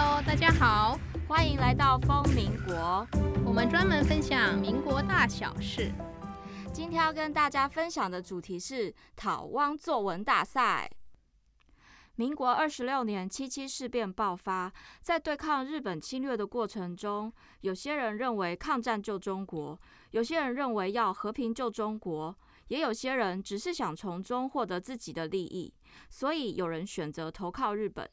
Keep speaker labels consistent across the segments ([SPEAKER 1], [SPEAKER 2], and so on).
[SPEAKER 1] Hello，大家好，歡迎來到瘋民國。我們專門分享民國大小事。今天要跟大家分享的主題是討汪作文大賽。民國二十六年七七事變爆發，在對抗日本侵略的過程中，有些人認為抗戰救中國，有些人認為要和平救中國，也有些人只是想從中獲得自己的利益，所以有人選擇投靠日本。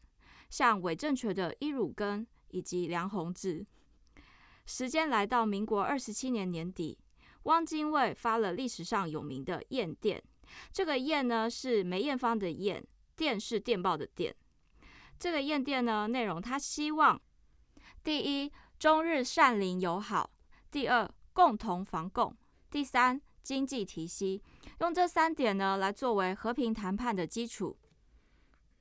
[SPEAKER 1] 像偽政權的殷汝耕以及梁鴻志，時間來到民國二十七年年底，汪精衛發了歷史上有名的艷電。這個艷呢是梅艷芳的艷，電是電報的電。這個艷電呢內容，他希望第一中日善鄰友好，第二共同防共，第三經濟提攜，用這三點呢來作為和平談判的基礎。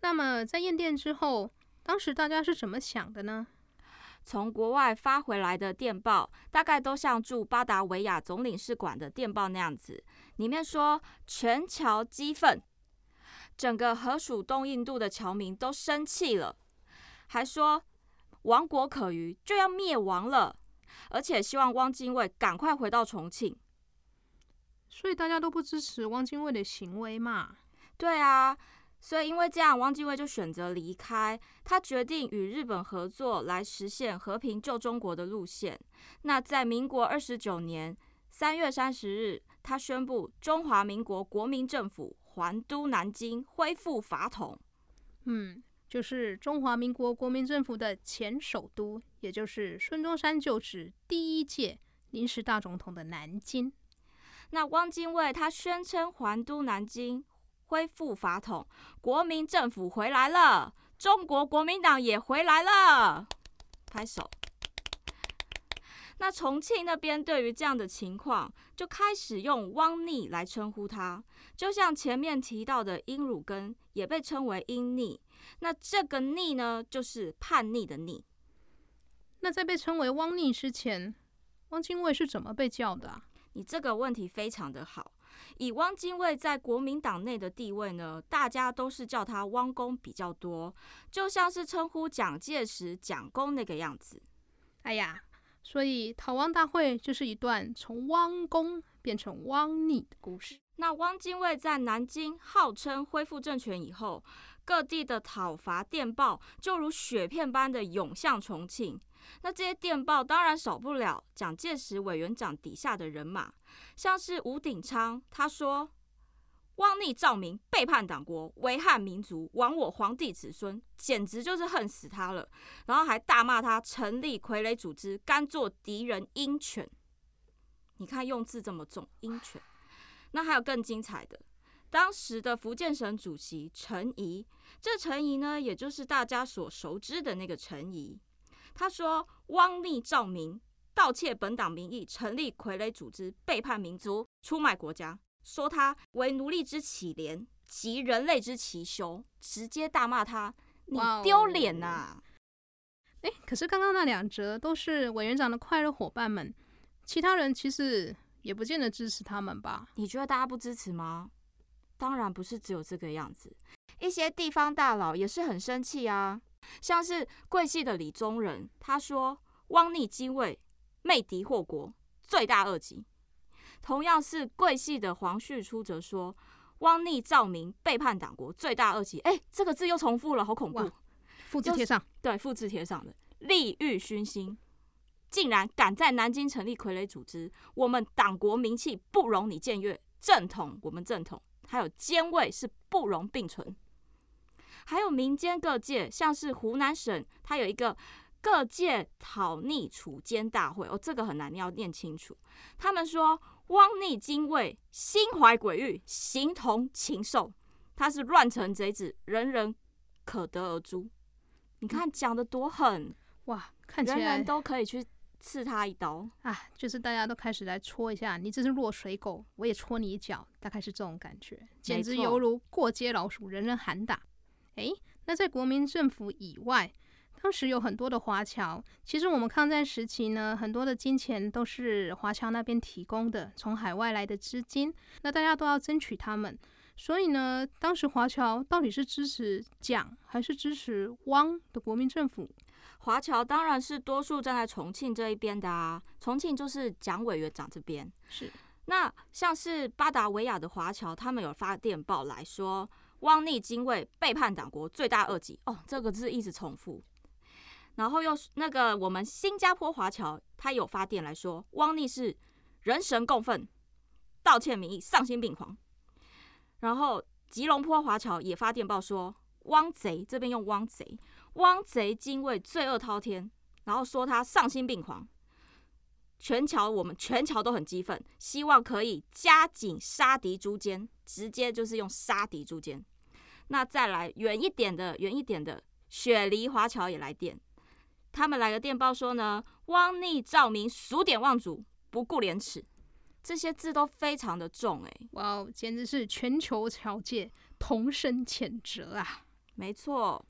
[SPEAKER 1] 那麼在艷電之後。當時大家是怎麼想的呢？從國外發回來的電報，大概都像駐巴達維亞總領事館的電報那樣子，裡面說全僑激憤，整個荷屬東印度的僑民都生氣了，還說亡國可虞，就要滅亡了，而且希望汪精衛趕快回到重慶。所以大家都不支持汪精衛的行為嘛？對啊。所以，因為這樣，汪精衛就選擇離開。他決定與日本合作，來實現和平救中國的路線。那在民國二十九年三月三十日，他宣布中華民國國民政府還都南京，恢復法統。
[SPEAKER 2] 嗯，
[SPEAKER 1] 就是中華民國國民政
[SPEAKER 2] 府的前首都，也就是孫中山就職第一屆臨時大
[SPEAKER 1] 總統的南京。那汪精衛他宣稱還都南京。恢復法統，國民政府回來了，中國國民黨也回來了，拍手。那重慶那邊對於這樣的情況，就開始用“汪逆”來稱呼他，就像前面提到的，殷汝耕也被稱為“殷逆”。那這個“逆”呢，就是叛逆的“逆”。那在被稱為“汪逆”之前，汪精衛是怎麼被叫的啊？你這個問題非常的好。以汪精衛在國民黨內的地位呢，大家都是叫他汪公比較多，就像是稱呼蔣介石蔣公那個樣子。哎呀，所以討汪大會就是一段
[SPEAKER 2] 從汪公變成汪逆的故事。
[SPEAKER 1] 那汪精衛在南京號稱恢復政權以後。各地的討伐電報就如雪片般的湧向重慶。那這些電報當然少不了蔣介石委員長底下的人馬，像是吳鼎昌，他說：“汪逆兆銘背叛黨國，危害民族，亡我皇帝子孫，簡直就是恨死他了。”然後還大罵他成立傀儡組織，甘做敵人鷹犬。你看用字這麼重，鷹犬。那還有更精彩的。當時的福建省主席陳儀，這陳儀呢，也就是大家所熟知的那個陳儀。他說汪照：“汪逆兆銘盜竊本黨名義，成立傀儡組織，背叛民族，出賣國家，說他為奴隸之乞憐，及人類之奇羞，直接大罵他：“你丟臉吶、
[SPEAKER 2] 啊哦！”誒，可是剛剛那兩則都是委員長的快樂夥伴們，其他人其
[SPEAKER 1] 實也不見得支持他們吧？你覺得大家不支持嗎？當然不是只有這個樣子，一些地方大佬也是很生氣啊。像是桂系的李宗仁，他說：“汪逆精衛，媚敵禍國，罪大惡極。”同樣是桂系的黃旭初則說：“汪逆兆銘，背叛黨國，罪大惡極。”哎，這個字又重複了，好恐怖！複制貼上、就是，對，複制貼上的利欲熏心，竟然敢在南京成立傀儡組織，我們黨國名氣不容你僭越，正統，我們正統。還有奸位，是不容並存。還有民間各界，像是湖南省，它有一個各界討逆除奸大會。哦，這個很難，你要念清楚。他們說，汪逆精衛，心懷鬼蜮，形同禽獸，他是亂臣賊子，人人可得而誅。你看講得多狠！嗯、
[SPEAKER 2] 哇！看起人人都可以去。刺他一刀啊！就是大家都開始來戳一下，你這隻落水狗，我也戳你一腳，大概是這種感覺，簡直猶如過街老鼠，人人喊打。誒、欸，那在國民政府以外，當時有很多的華僑。其實我們抗戰時期呢，很多的金錢都是華僑那邊提供的，從海外來的資金。那大家都要爭取他們，所以呢，當時華僑到底是支持蔣還是支持汪的國民政府？
[SPEAKER 1] 華僑當然是多數站在重慶這一邊的啊，重慶就是蔣委員長這邊。是，那像是巴達維亞的華僑，他們有發電報來說是汪逆精衛背叛黨國，罪大惡極。哦，這個字一直重複。然後又是那個我們新加坡華僑，他有發電來說汪逆是人神共憤，道歉名義，喪心病狂。然後吉隆坡華僑也發電報說。汪賊這邊用汪賊，汪賊精衛罪惡滔天，然後說他喪心病狂，全僑我們全僑都很激憤，希望可以加緊殺敵誅奸，直接就是用殺敵誅奸。那再來遠一點的，遠一點的，雪梨華僑也來電，他們來個電報說呢，汪逆兆銘，數典忘祖，不顧廉恥，這些字都非常的重哎、欸，哇哦，簡直是全球僑界同聲譴責啊！沒錯，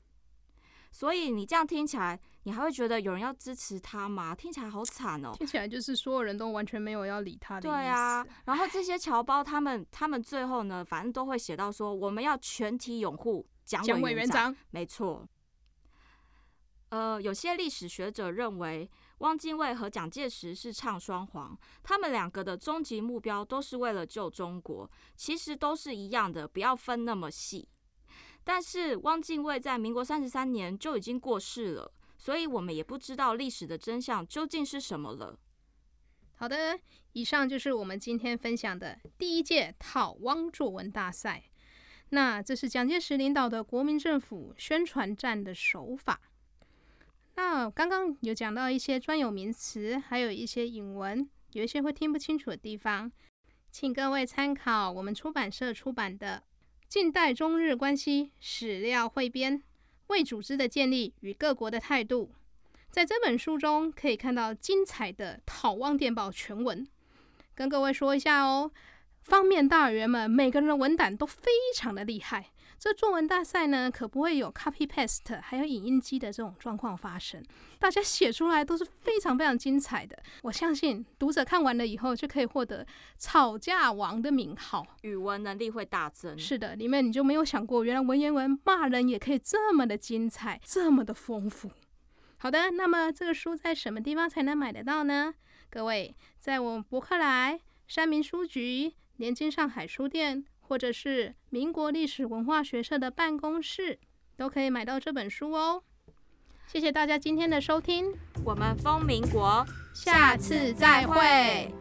[SPEAKER 1] 所以你這樣聽起來，你還會覺得有人要支持他嗎？聽起來好慘哦、喔，聽
[SPEAKER 2] 起來就是所有人都完全沒有要
[SPEAKER 1] 理他的意思。對啊，然後這些僑胞他們，唉他們最後呢，反正都會寫到說，我們要全體擁護蔣委員長。沒錯，呃，有些歷史學者認為，汪精衛和蔣介石是唱雙簧，他們兩個的終極目標都是為了救中國，其實都是一樣的，不要分那麼細。但是汪精衛在民國三十三年就已經過世了，所以我們也不知道歷史的真相究竟是什麼了。好的，
[SPEAKER 2] 以上就是我們今天分享的第一屆討汪作文大賽。那這是蔣介石領導的國民政府宣傳戰的手法。那剛剛有講到一些專有名詞，還有一些引文，有一些會聽不清楚的地方，請各位參考我們出版社出版的。近代中日關係史料彙編，偽組織的建立與各國的態度，在這本書中可以看到精彩的討汪電報全文，跟各位說一下哦。方面大員們每個人的文膽都非常的厲害，這作文大賽呢可不會有 copy paste，還有影印機的這種狀況發生，大家寫出來都是非常非常精彩的。我相信讀者看完了以後就可以獲得吵架王的名號，語文能力會大增。是的，你們你就沒有想過，原來文言文罵人也可以這麼的精彩，這麼的豐富。好的，那麼這個書在什麼地方才能買得到呢？各位，在我博客來、三民書局。聯經、上海書店，或者是民國歷史文化學社的辦公室，都可以買到這本書哦。謝謝大家今天的收聽，我
[SPEAKER 1] 們瘋民國，
[SPEAKER 2] 下次再會。